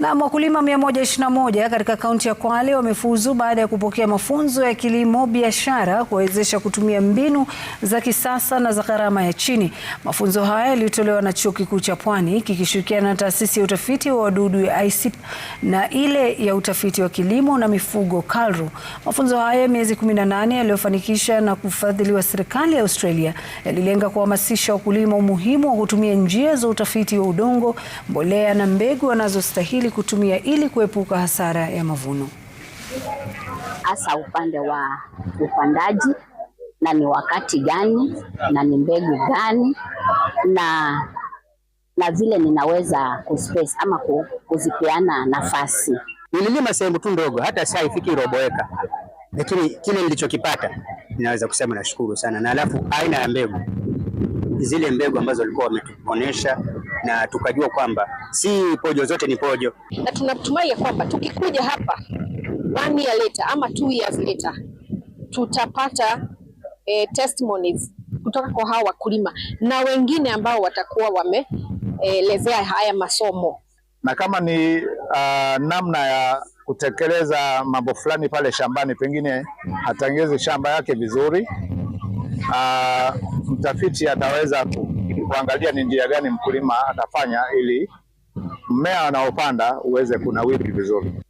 Na wakulima 121 katika kaunti ya Kwale wamefuzu baada ya kupokea mafunzo ya kilimo biashara kuwawezesha kutumia mbinu za kisasa na za gharama ya chini. Mafunzo haya yalitolewa na Chuo Kikuu cha Pwani kikishirikiana na taasisi ya utafiti wa wadudu ya ICIP na ile ya utafiti wa kilimo na mifugo KALRO. Mafunzo haya miezi 18 yaliyofanikisha na kufadhiliwa serikali ya Australia yalilenga kuhamasisha wakulima umuhimu wa kutumia njia za utafiti wa udongo, mbolea na mbegu wanazostahili vipi kutumia ili kuepuka hasara ya mavuno, hasa upande wa upandaji, na ni wakati gani na ni mbegu gani na na vile ninaweza kuspace ama kuzipeana nafasi. Nililima sehemu tu ndogo, hata saa ifiki robo eka, lakini kile nilichokipata ninaweza kusema nashukuru sana, na alafu aina ya mbegu zile mbegu ambazo walikuwa wametuonesha na tukajua kwamba si pojo zote ni pojo, na tunatumai ya kwamba tukikuja hapa one year later ama two years later tutapata eh, testimonies kutoka kwa hawa wakulima na wengine ambao watakuwa wameelezea eh, haya masomo na kama ni uh, namna ya kutekeleza mambo fulani pale shambani, pengine atengeze shamba yake vizuri, uh, mtafiti ataweza kuangalia ni njia gani mkulima atafanya ili mmea anaopanda uweze kunawiri vizuri.